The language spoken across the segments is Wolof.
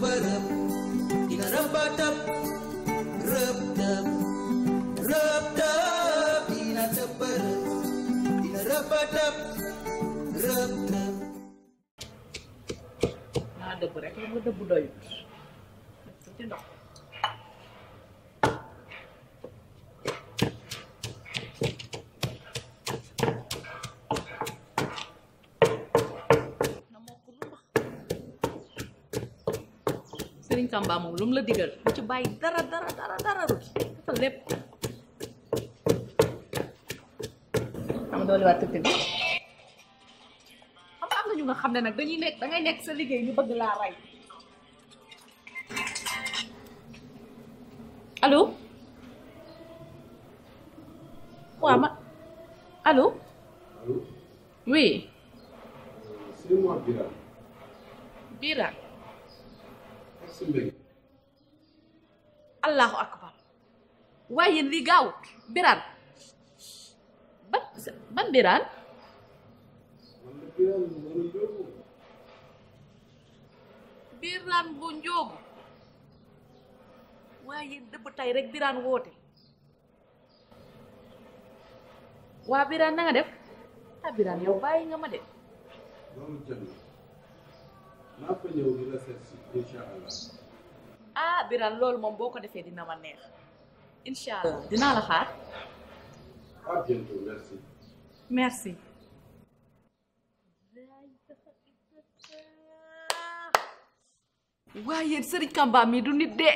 berep Ina rebatep Reptep Reptep Ina teberep Ina rebatep Reptep Nah ada berek, ada budaya Itu tidak Samba moom lu mu la digal lu ci bàyyi dara dara dara dara defal lépp am doole waa tëdd bi xam nga am na ñu nga xam ne nag dañuy nekk dangay nekk sa liggéey ñu bëgg laa rey allo waaw ma allo oui euh, Birane allahu akbar waaye li gaawut biraan ban ban biraan biraan bu njóobu waaye dëbb tay rek biraan woote waa biraan na def ah biraan yow bàyyi nga ma de A fa lolo di la seet si incha allah. ah dina ma neex incha allah dinaa la xaar. à bientôt merci. merci. waaye iya, yéen Serigne Kamba mi du nit de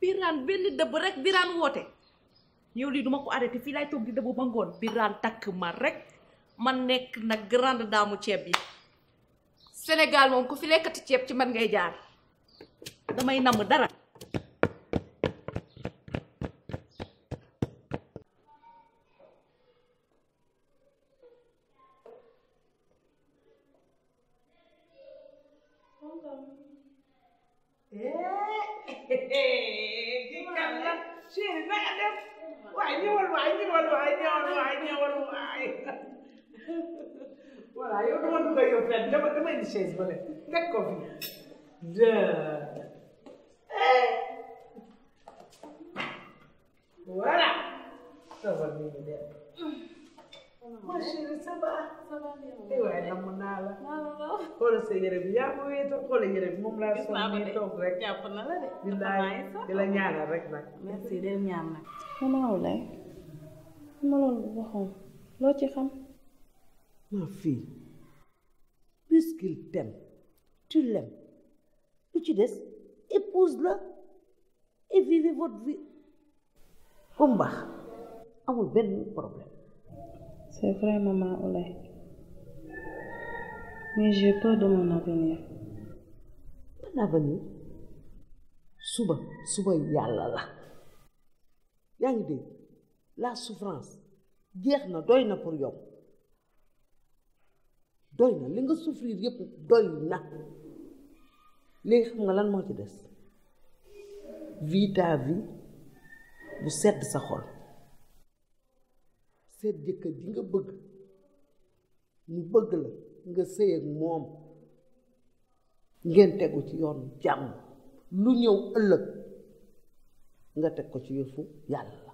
biran benn dëbb rek biran wote yow lii duma ko arrêté di dëbb ba Biran tak takk ma rek ma nekk nag grande daamu ceeb yi Sénégal moom ku fi lekkati ceeb ci man ngay jaar damay namm dara dama dama indi chaise ba léegi teg ko fi voilà. ça va bien ma chérie ça va. ça va eh sa yére bi yaa ko wéetoo xoolal moom laa sonn nii toog rek. jàpp na la de. di la rek nag. merci de ñaan nag. maman Oulaye ma loolu waxoon loo ci xam. ma fii. puisqu'il t'aime, tu l'aimes, et tu dis, épouse-le et vivez votre vie comme baax amul benn problème. c'est vrai maman Oulaye mais j'ai peur de mon avenir. ton avenir suba suba yalla. la dit, ngi la souffrance guerre na pour yow. doy na li nga souffrir yëpp doy na léegi xam nga lan moo ci des vita vie bu sedd sa xol seet jëkkër ji nga bëgg mu bëgg la nga sëy ak moom ngeen tegu ci yoon jàmm lu ñëw ëllëg nga teg ko ci yëfu yàlla la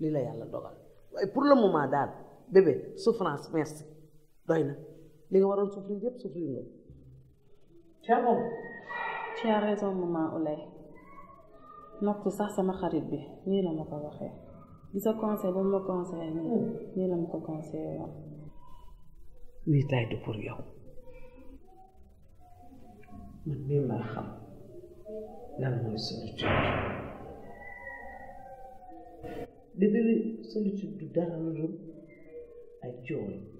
li la yàlla dogal waaye pour la moment daal bébé souffrance merci doy na اللي هو رون سوفري دي بسوفري نو تي ريزون ماما اولاي نوك سا سما خريب بي ني لا ماكو واخي ديزا كونساي بو مو كونساي ني لا ماكو كونساي وي تاي دو بور يو من مي ما خم نان موي سولوتيو دي دي سولوتيو دارا نورو اي جوي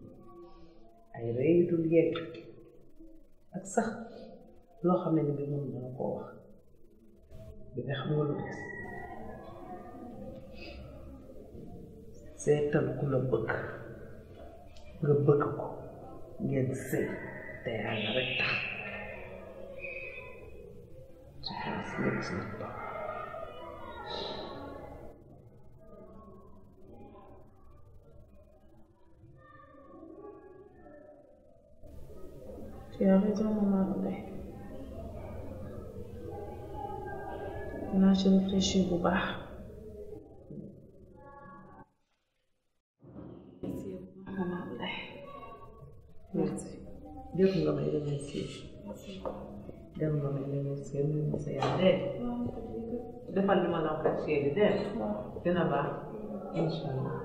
ay rëy yu dul ak sax loo xam ne ni bi mun dana koo wax bi nga xam lu ku la bëgg nga bëgg ko ngeen sëy te yàlla rek tax su ko si Tu as raison, maman Là, je réfléchis bu baax. merci. jëf nga may remercier. dem nga may remercier mu ngi sa yàlla defal li ma la ko ¿eh? dina baax incha allah.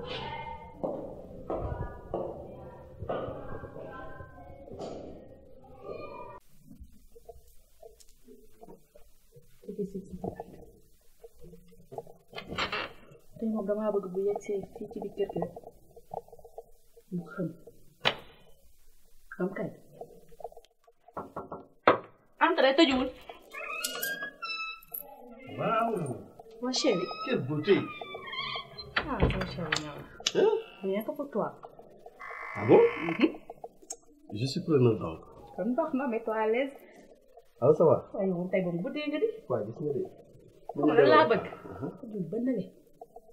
moom damaa bëgg bu yegsee ci biir mu xam xam kay entrée tëjuwul waaw mon chéri quelle beauté ah mon chéri ñaaw rien que pour toi ah bon mm-hmm. je suis preneur donc kon baax na mais toi à l'aise ah ça va waaye moom tey bu dee nga di waaw gis nga de xam nga laa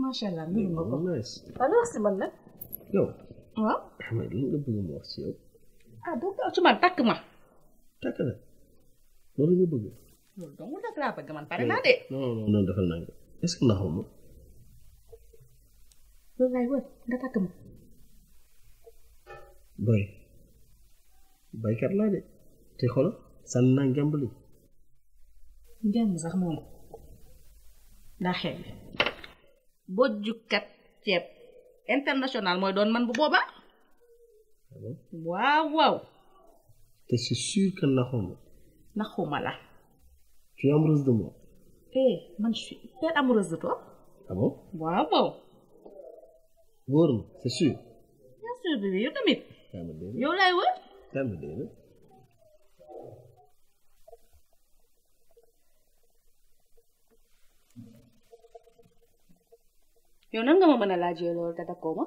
macha allah nuyu ma man nag. yow. waaw. Ahmed li bëgg ma wax yow. ah donc su ma takk ma. takk la loolu nga bëgg. loolu donc nag laa bëgg man pare nga est ma. loolu laay wër baykat laa de te xoolal sànni naa njàmbali. njàng sax moom daa xeeb. bojjukat ceeb international mooy doon man bu boobaa. waaw waaw. te c'est sûr que naxuma. naxuma la. tu es amoureuse de eh, man je suis hyper amoureuse de toi. Ah waaw waaw. wóor na c'est sûr. bien sûr bébé yow tamit. yow laay wër. yow nan nga ma mën a laajee loolu te takkoo ma.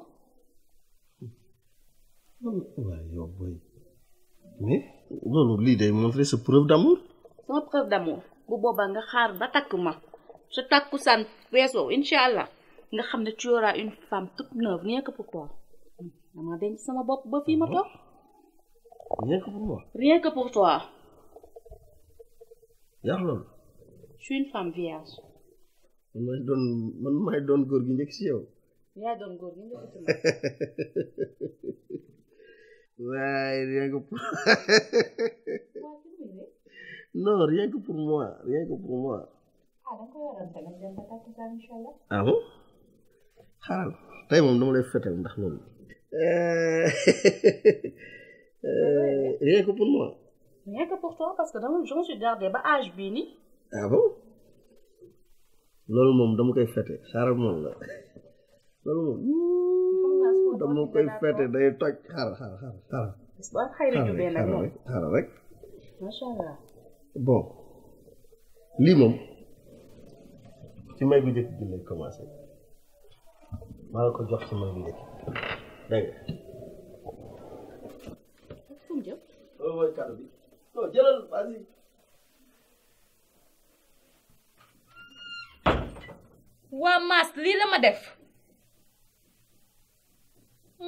loolu lii day montrer sa preuve d'amour. sama preuve d'amour bu boobaa nga xaar ba takk ma sa takku san weesoo incha allah nga xam ne tu auras une femme toute neuve rien que pour toi dama denc sama bopp ba fii ma toog. rien que pour toi. yaa loolu. je une femme vierge. man may doon man may doon góor gi njëkk si yow. yaa doon góor gi njëkk si man. waaye rien que pour. non rien que pour moi rien que pour moi. ah, ah bon xaaral tey moom dama lay fetal ndax loolu. Euh, rien que pour moi. rien que pour toi parce que dama je me suis gardé ba âge bii nii. ah bon. loolu moom dama koy fete xaaral moom la loolu moom dama koy fete day toj xaaral xaaral xaaral xaaral xaaral rek bon lii moom ci may bu njëkk bi lay commencé maa ngi ko jox ci may bu njëkk wa mas li la ma def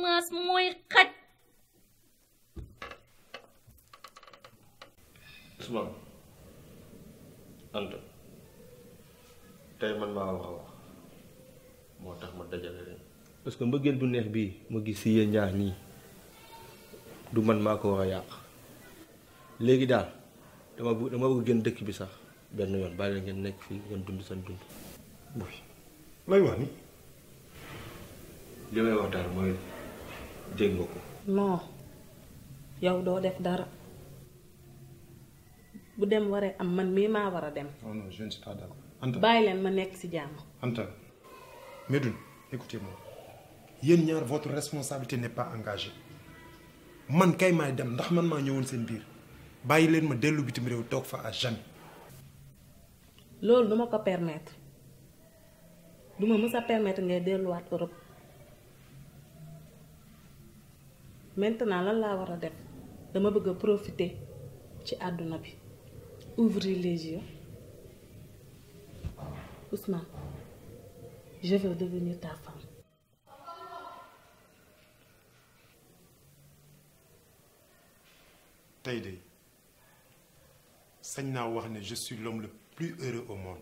mas moy xat Ousmane Anta tay man ma wax wax motax ma dajale leen parce que mbëggeel bu neex bi mo gis si yéen ñaar nii du man mako wara yaq legui dal dama bu dama bëgg gën dëkk bi sax ben yoon ba la ngeen nekk fi ngeen dund seen dund looy non def dara bu je ne suis pas d'accord. écoutez-moi votre responsabilité n'est pas engagée man kay suis dem ndax man maa ñëwoon seen biir bàyyi leen ma dellu bitim fa à jamais. loolu ma permettre. Je ne peux pas permettre faire des Europe maintenant je vais je a faire.. je bëgg profiter de ouvrir les yeux Ousmane je veux devenir ta femme. Taïde, je suis l'homme le plus heureux au monde.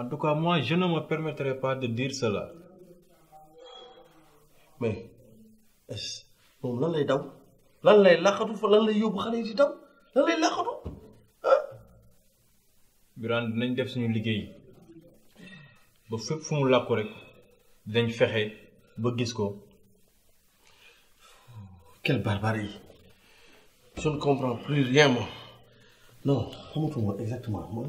En tout cas, moi, je ne me permettrai pas de dire cela. mais moom lan lay daw lan lay laqatu fa lan lay yóbbu xale yi di daw lan lay laqatu ah. Birane dinañ def suñu liggéey ba fépp fu mu làkku rek dinañ fexe ba gis ko. quelle barbarie. je ne comprends plus rien moi. non comment xamatuma exactement moom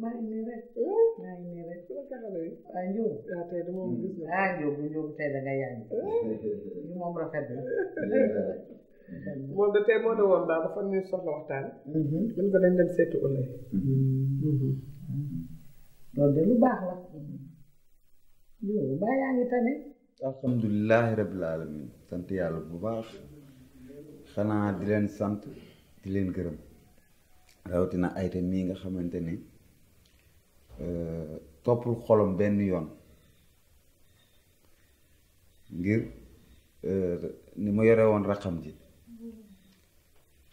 maa ngi nii rek. maa ngi nii rek. ah Ndiob. ah tey de moom gis nga. ah Ndiob Ndiob tey da nga yaay. moom rafet na. moom de tey moo ne woon daal dafa ñuy soxla waxtaan. mën ko lu baax la. yow ba yaa ngi tane. alhamdulilahi rabil sant yàlla bu baax. xanaa di leen sant di leen gërëm. rawatina Aida mii nga xamante euh topul xolam benn yoon ngir euh, ni ma yore won raxam ji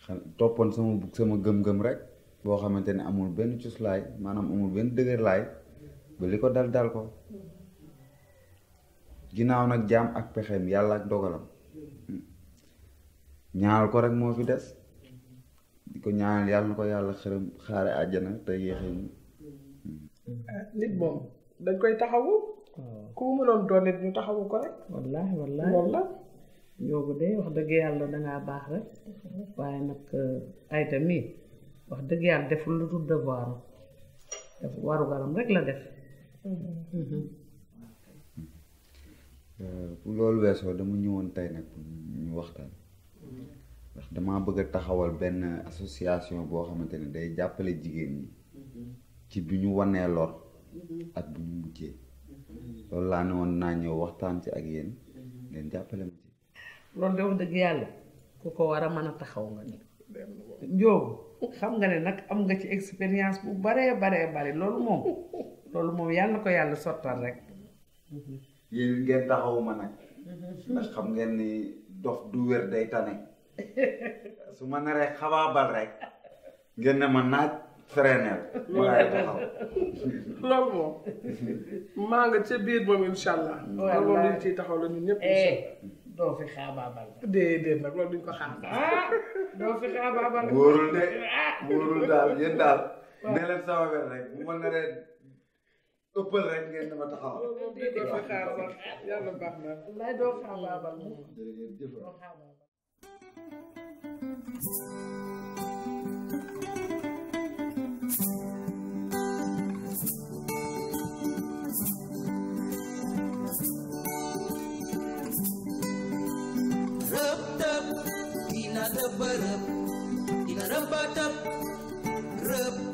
xam toppoon sama sama gëm-gëm rek bo xamante amul benn lay, manam amul benn lay ba liko ko dal dal ko ginaaw nak jam ak pexem yalla ak dogalam hmm. ñaal ko rek mo fi dess ko ñaanal yàlla na ko yàlla xërëm xaare àjjana te yéexee ah, nit moom dañ koy taxawu. Oh. ku mu mënoon doon nit ñu taxawu ko rek. wallaahi wallaahi loolu la. yoobu de wax dëgg yàlla dangaa baax rek waaye nag eh, ay tamit wax dëgg yàlla deful lu dul devoir def waru garam rek la def. Mm-hmm. Mm-hmm. Eh, bu loolu weesoo dama ñëwoon tey nag ñu waxtaan. Mm-hmm. ndax damaa bëgg a taxawal benn association boo xamante ne day jàppale jigéen ñi mhm. ci bi ñu wanee lor mhm. ak bu ñu mujjee mhm. loolu laa ne woon naa ñëw waxtaan ci ak yéen ngeen jàppale ma ci loolu de dëgg yàlla ku ko war a mën a taxaw nga ne njoogu xam nga ne nag am nga ci expérience bu baree baree bare loolu moom loolu moom yàlla na ko yàlla sottal rek yéen ngeen taxaw ma nag ndax xam ngeen ni dof du wér day tane su ma naree xabaa rek ngeen ne ma naaj frenel ma lay taxaw loolu moom maa nga ca biir moom insha taxaw la doo fi xaabaabal la. déedéet nag loolu duñ ko xam. ah doo fi xaabaabal la. Ah. wóorul daal yéen daal. ne leen rek bu ma naree rek ngeen dama taxaw. doo fi xaabaabal Rub, dina rub, rub, dina rub, rub.